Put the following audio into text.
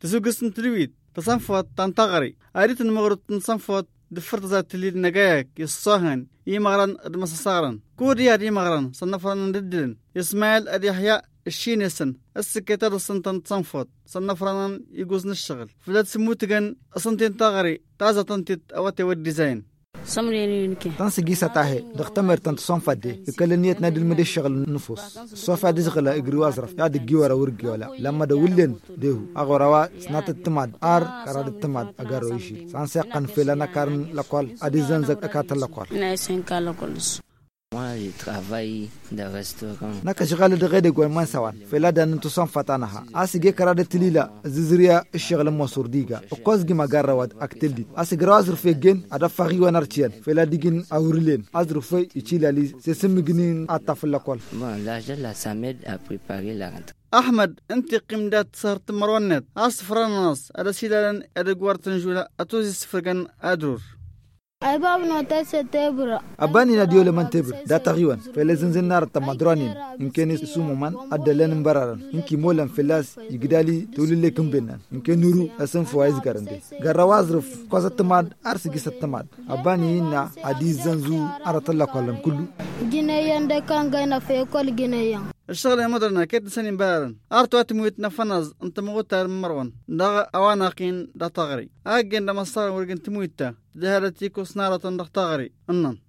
تسوقسن تلويد تصنفط تنتغري أريد المغرب تنصنفط دفرت ذات اللي نقايك يصهن يمغرن المسسارن كوريا يمغرن صنفرن ندلن إسماعيل اليحيى الشينيسن السكرتير السنتن تصنفط صنفران يقوزن الشغل فلات سموتغن أسنتين تغري تازة تنتت أواتي والديزاين يعني تنسي سطاهي دختمر تنتصون فدي يكلن نيت نادي المدي شغل النفوس صوفا دي زغلا اجري وازرف يا دي جيورا ورجيولا لما دولن ديهو اغوروا سنات التماد ار كراد التماد اغارويشي سانسي قنفيلنا كارن لقال ادي زنزك اكاتل لقال نايسين كالقلس na ka shagala da gaida gwa man sawan fela da nan tusan fata na ha asige kara da tilila zizriya shagala masur diga okos gi magara wad aktel dit asigira azur fe gen ada fari wa nartiyan fela digin awrilen azur fe ichilali se semiginin atafla kol bon la jalla samed a préparé la rentrée أحمد أنت قمدات صارت مرونت أصفراناس أدسيلالن أدقوارتنجولا أتوزي سفرقان أدور abani na diyo man tebur da tariwan felezin zinar ta madranin in keni su man adalen bararan in ki molan felas igidali tulile kumbenan in ke nuru asan fuwais garande garawa zruf kwasa tamad arsi gisa tamad abani na adi zanzu aratalla kwalan kullu gine yanda kan gaina fe kol gine الشغل مدرنا كيت نساني مبارن ارتو اتمويت نفنز انت مغوتا مروان دا اواناقين دا تغري اجن دا مصار ورقين تمويتا دهالتي كوسنارة دا تغري انن